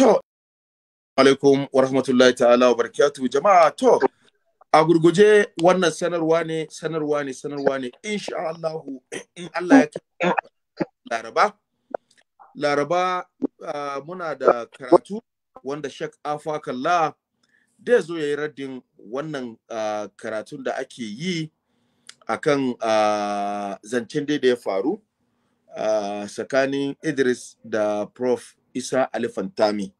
To, alaikum wa rahmatullahi ta'ala wa barakatuhu jama'a to a gurguje wannan sanarwa ne sanarwa ne sanarwa ne insha Allah in Allah ya laraba laraba muna da karatu wanda Sheikh Afakalla da zo yi raddin wannan karatun da ake yi akan kan zancen da ya faru tsakanin Idris da Prof isa alifantami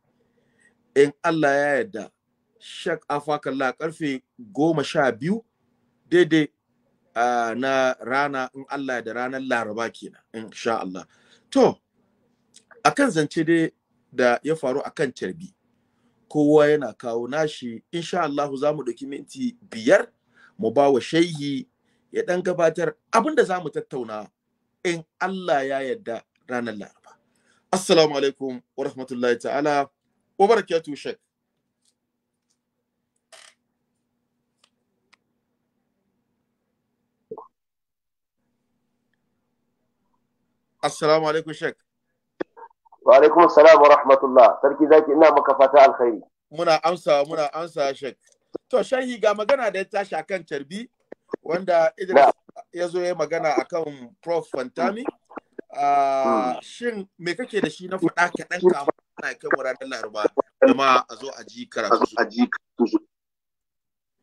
in allah ya yarda shak afakalla karfe goma sha biyu daidai na rana in allah da ranar laraba kenan in sha allah to akan zance dai da ya faru akan carbi kowa yana kawo nashi insha Allah za mu ɗauki minti biyar mu ba wa shaihi ya ɗan gabatar abinda za mu tattauna in Allah ya yarda ranar Laraba. assalamu alaikum wa rahmatullahi ta'ala wa barakatuhu shek assalamu alaikum shek wa alaikum assalam wa rahmatullah sarki zaki ina maka fata alkhairi muna amsa muna amsa shek to shahi ga magana da ya tashi akan carbi wanda Idris ya zo ya magana akan prof Fantami Ah, hmm. shin me kake da shi na faɗa ka ɗan kama ana kai mu ranar laruba kuma a zo a ji karatu.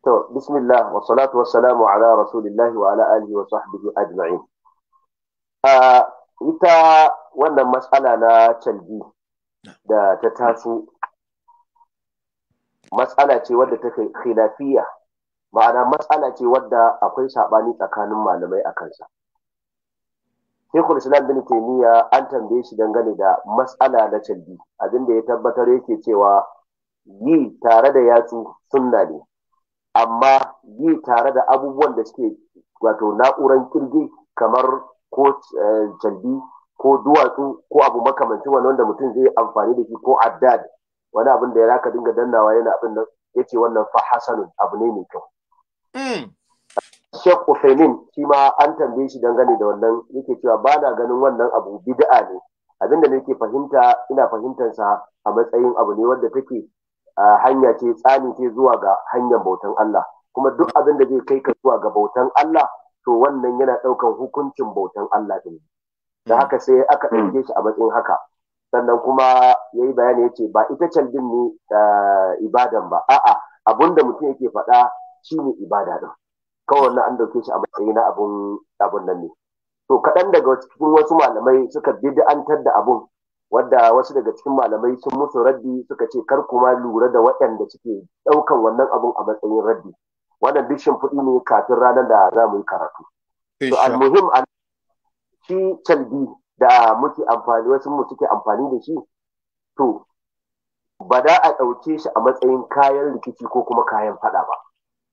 To bismillah wa salatu wa salamu ala rasulillahi wa ala alihi wa sahbihi ajma'in. Ah, ita wannan matsala na calbi da ta taso matsala ce wadda ta khilafiya ma'ana matsala ce wadda akwai saɓani tsakanin malamai a kansa. Shekul Islam bin Taimiyya an tambaye shi dangane da matsala na calbi abinda ya tabbatar yake cewa yi tare da yatsu sunna ne amma yi tare da abubuwan da suke wato na'uran kirgi kamar ko eh, calbi ko duwatsu ko abu makamancin wani wanda mutum zai amfani da shi ko addad wani abin da ya raka dinga dannawa yana abin nan yace wannan fa hasanun abu ne mai kyau mm. Sheikh Uthaymeen shi ma an tambaye shi dangane da wannan yake cewa ba na ganin wannan abu bid'a ne da nake fahimta ina fahimtar sa a matsayin abu ne wanda take hanya ce tsani ce zuwa ga hanyar bautan Allah kuma duk abin da zai kai ka zuwa ga bautan Allah to wannan yana ɗaukan hukuncin bautan Allah din da haka sai aka hmm. ɗauke shi a matsayin haka sannan kuma ya yi bayani ya ce ba ita can din ne ibadan ba a'a abun da mutum yake faɗa shine ibada ɗin. kawai na an dauke shi a matsayi na abun nan ne to kaɗan daga cikin wasu malamai suka bid'antar da abun wadda wasu daga cikin malamai sun musu raddi suka ce kar kuma lura da waɗanda suke ɗaukan wannan abun a matsayin raddi wannan duk shimfiɗi ne kafin ranar da za mu yi karatu to almuhim an shi calbi da muke amfani wasu mu suke amfani da shi to ba da a ɗauke shi a matsayin kayan rikici ko kuma kayan faɗa ba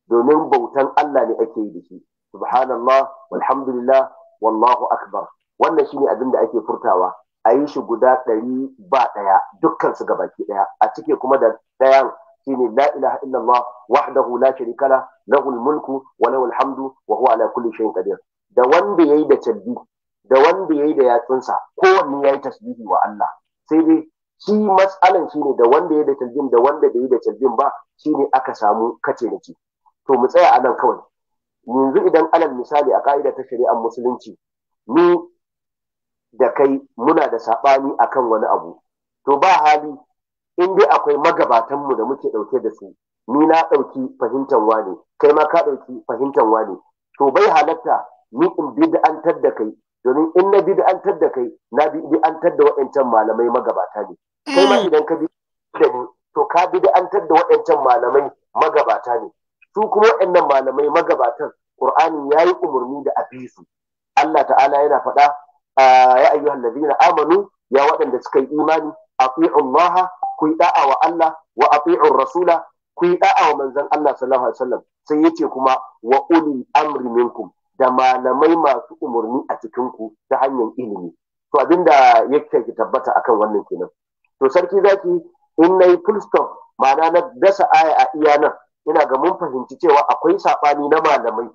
domin bautan Allah ne ake yi da shi subhanallah walhamdulillah wallahu akbar wannan shine abin da ake furtawa a yi shi guda ɗari ba ɗaya dukkan su gabaki ɗaya a cike kuma da ɗayan shine la ilaha illallah wahdahu la sharika la lahul mulku wa lahul hamdu wa huwa ala kulli shay'in qadir da wanda yayi da tabbi da wanda yayi da yatsunsa kowanne yayi tasbihi wa Allah sai dai shi matsalan shine da wanda yayi da talbin da wanda bai yi da talbin ba shine aka samu kace nake to mu tsaya a nan kawai yanzu idan alal misali a ka'ida ta shari'ar musulunci ni da kai muna da saɓani akan wani abu to ba hali in dai akwai magabatanmu da muke ɗauke da su ni na ɗauki fahimtar wane kai ma ka ɗauki fahimtar wane to bai halatta ni in bid'antar da kai domin in na bid'antar da kai na bid'antar da waɗancan malamai magabata ne kai ma mm. idan ka bi da ni to ka bid'antar da waɗancan malamai magabata ne su kuma waɗannan malamai magabatan Qur'ani yi umarni da abisu Allah ta'ala yana faɗa ah, ya ayyuhal ladina amanu ya waɗanda suka yi imani ati'u Allah ku yi da'a wa Allah wa ati'u rasula ku yi da'a wa manzon Allah sallallahu alaihi wasallam sai yace kuma wa ulil amri minkum da malamai masu umarni a cikin ku ta hanyar ilimi to abinda yake ki tabbata akan wannan kenan to sarki zaki in nayi full stop ma'ana na dasa aya a iya ina ga mun fahimci cewa akwai saɓani na malamai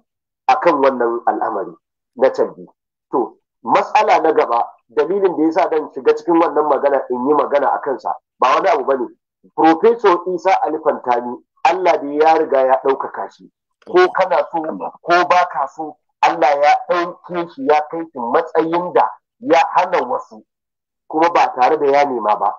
akan wannan al'amari na canji. to matsala na gaba dalilin da ya sa dan shiga cikin wannan magana in yi magana a kansa ba wani abu bane Profesor Isa Alifantani Allah da ya riga ya ɗaukaka shi ko kana so ko ba ka so Allah ya ɗauke shi ya kai shi matsayin da ya hana wasu kuma ba tare da ya nema ba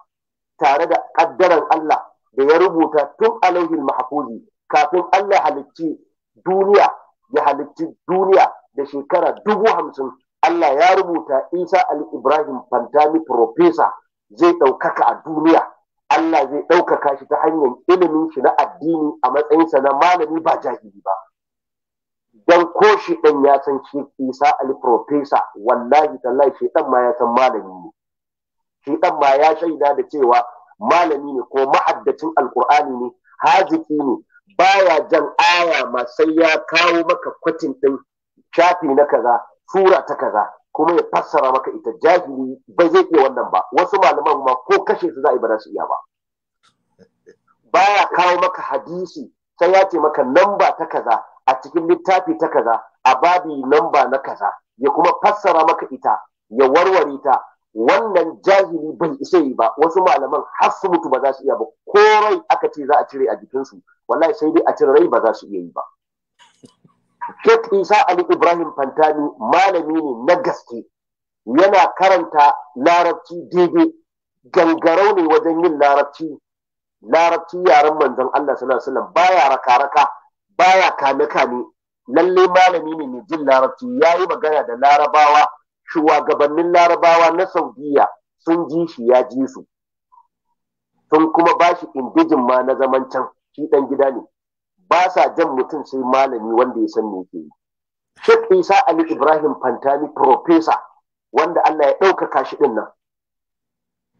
tare da ƙaddaran Allah da ya rubuta tun alauhil mahfuzi kafin Allah halicci duniya ya halicci duniya da shekara dubu hamsin Allah ya rubuta Isa Ali Ibrahim Fantami Profesa zai ɗaukaka a duniya. Allah zai ɗaukaka shi ta hanyar ilimin shi na addini a matsayinsa na malami ba jahili ba. Don ko shi ɗan ya san shi Isa Ali Profesa wallahi tallahi shi ɗan ma ya san malami ne. Shi ɗan ma ya shaida da cewa malami ne ko ma'addacin alkur'ani ne haziki ne baya jan aya ma sai ya kawo maka kwatin ɗin shafi na kaza tura ta kaza kuma ya fassara maka ita jahili ba zai iya wannan ba wasu malaman ma ko kashe su za a yi ba su iya ba baya kawo maka hadisi sai ya ce maka namba ta kaza a cikin littafi ta kaza a babi namba na kaza ya kuma fassara maka ita ya warware ta wannan jahili bai isa yi ba wasu malaman har su mutu ba za su iya ba ko rai aka ce za a cire a jikinsu wallahi sai dai a cire rai ba za su iya yi ba Sheikh Isa Ali Ibrahim Fantani malami ne na gaske yana karanta larabci daidai gangarau ne wajen yin larabci larabci yaren manzon Allah sallallahu alaihi wasallam baya raka-raka baya kame-kame lalle malami ne mai jin larabci yayi magana da larabawa shugabannin larabawa na saudiya sun ji shi ya ji su sun kuma ba shi indijin ma na zaman can shi ɗan gida ne ba sa jan mutum sai malami wanda ya san me ke Sheikh Isa Ali Ibrahim Fantani Profesa wanda Allah ya ɗaukaka shi ɗin nan.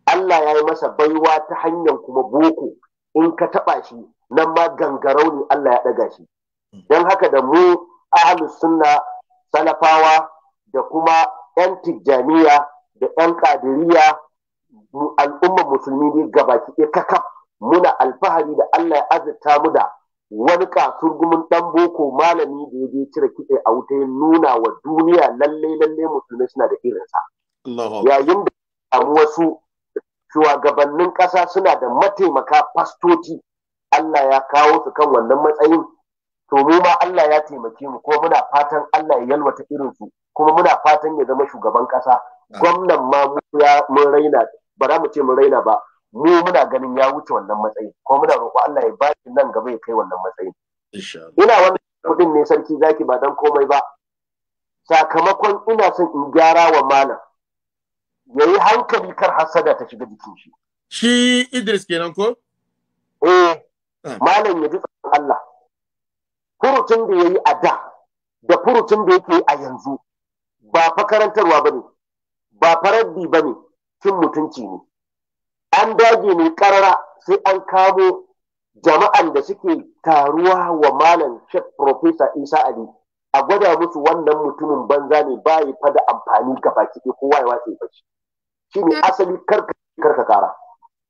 Allah ya yi masa baiwa ta hanyar kuma boko in ka taɓa shi nan ma gangarau ne Allah ya ɗaga shi. Don haka da mu ahalus sunna salafawa da kuma 'yan tijjaniya da 'yan ƙadiriya al'ummar musulmi ne gabaki ɗaya kaka muna alfahari da Allah ya azurta mu da wani kasurgumin ɗan boko malami da ya je cire kitse a wuta ya nuna wa duniya lallai-lallai musulmi suna da irinsa yayin da samu wasu shugabannin ƙasa suna da mataimaka fastoci Allah ya kawo su kan wannan matsayin to mu ma Allah ya taimake mu kuma muna fatan Allah ya yalwata irin su kuma muna fatan ya zama shugaban kasa gwamnan ma mun raina ba za mu ce mun raina ba mu muna ganin ya wuce wannan matsayi kuma muna roƙo Allah ya bashi nan gaba ya kai wannan matsayin. ina wannan kudin ne sarki zaki ba dan komai ba sakamakon ina son in gyara wa malam ya yi hankali kar hasada ta shiga jikin shi shi Idris kenan ko eh ah. malam ya ji tsaron Allah furucin da ya yi a da da furucin da yake a yanzu ba fa ba ne ba faraddi ba ne cin mutunci ne an dage ne karara sai an kamo jama'an da suke taruwa wa malam shek profesa isa ali a gwada musu wannan mutumin banza ne ba ya fada amfani ga baki ɗaya kowa ya watsa ya shi ne eh. asali karka karka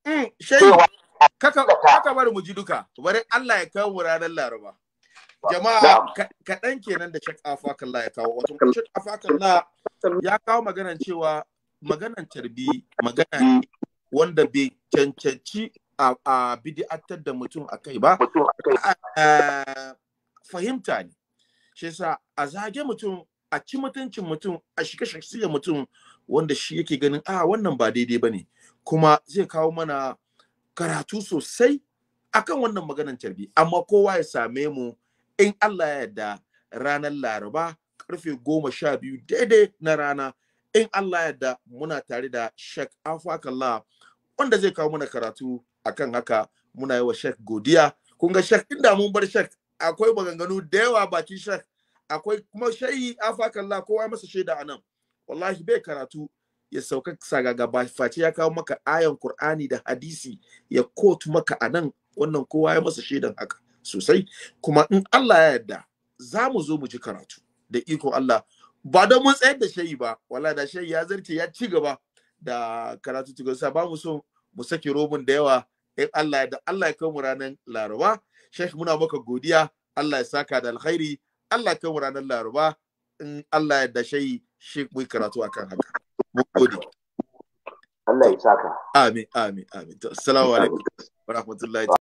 eh, kara. kaka bari mu ji duka, bari Allah ya kawo ranar Laraba. jama'a kaɗan kenan da shek la ya kawo wato shek la ya kawo maganan cewa maganan tarbi magana wanda bai cancanci a bidi'atar da mutum a kai ba fahimta ne shi yasa a zage mutum a ci mutuncin mutum a shiga shaksiyar mutum wanda shi yake ganin a ah, wannan ba daidai ba ne kuma zai kawo mana karatu sosai akan wannan maganan tarbi amma kowa ya same mu in Allah ya yarda ranar Laraba karfe goma sha biyu daidai na rana in Allah ya yarda muna tare da Sheikh Afakallah wanda zai kawo mana karatu akan haka muna yi wa Sheikh godiya kun ga Sheikh inda mun bar Sheikh akwai maganganu da yawa bakin Sheikh akwai kuma shayi Afakallah kowa masa shaida anan wallahi bai karatu ya sauka sagaga ba face ya kawo maka ayan Qur'ani da hadisi ya kotu maka anan wannan kowa ya masa shaidan haka sosai kuma in Allah ya yarda za mu zo mu ji karatu da iko Allah ba don mun tsayar da shayi ba wala da shayi ya zarce ya ci gaba da karatu tukun sa ba mu so mu saki robin da yawa in Allah ya da Allah ya kai mu ranar Laraba Sheikh muna maka godiya Allah ya saka da alkhairi Allah ya kai mu ranar Laraba in Allah ya da shayi shi mu karatu akan haka mun gode Allah ya saka amin amin amin assalamu alaikum wa rahmatullahi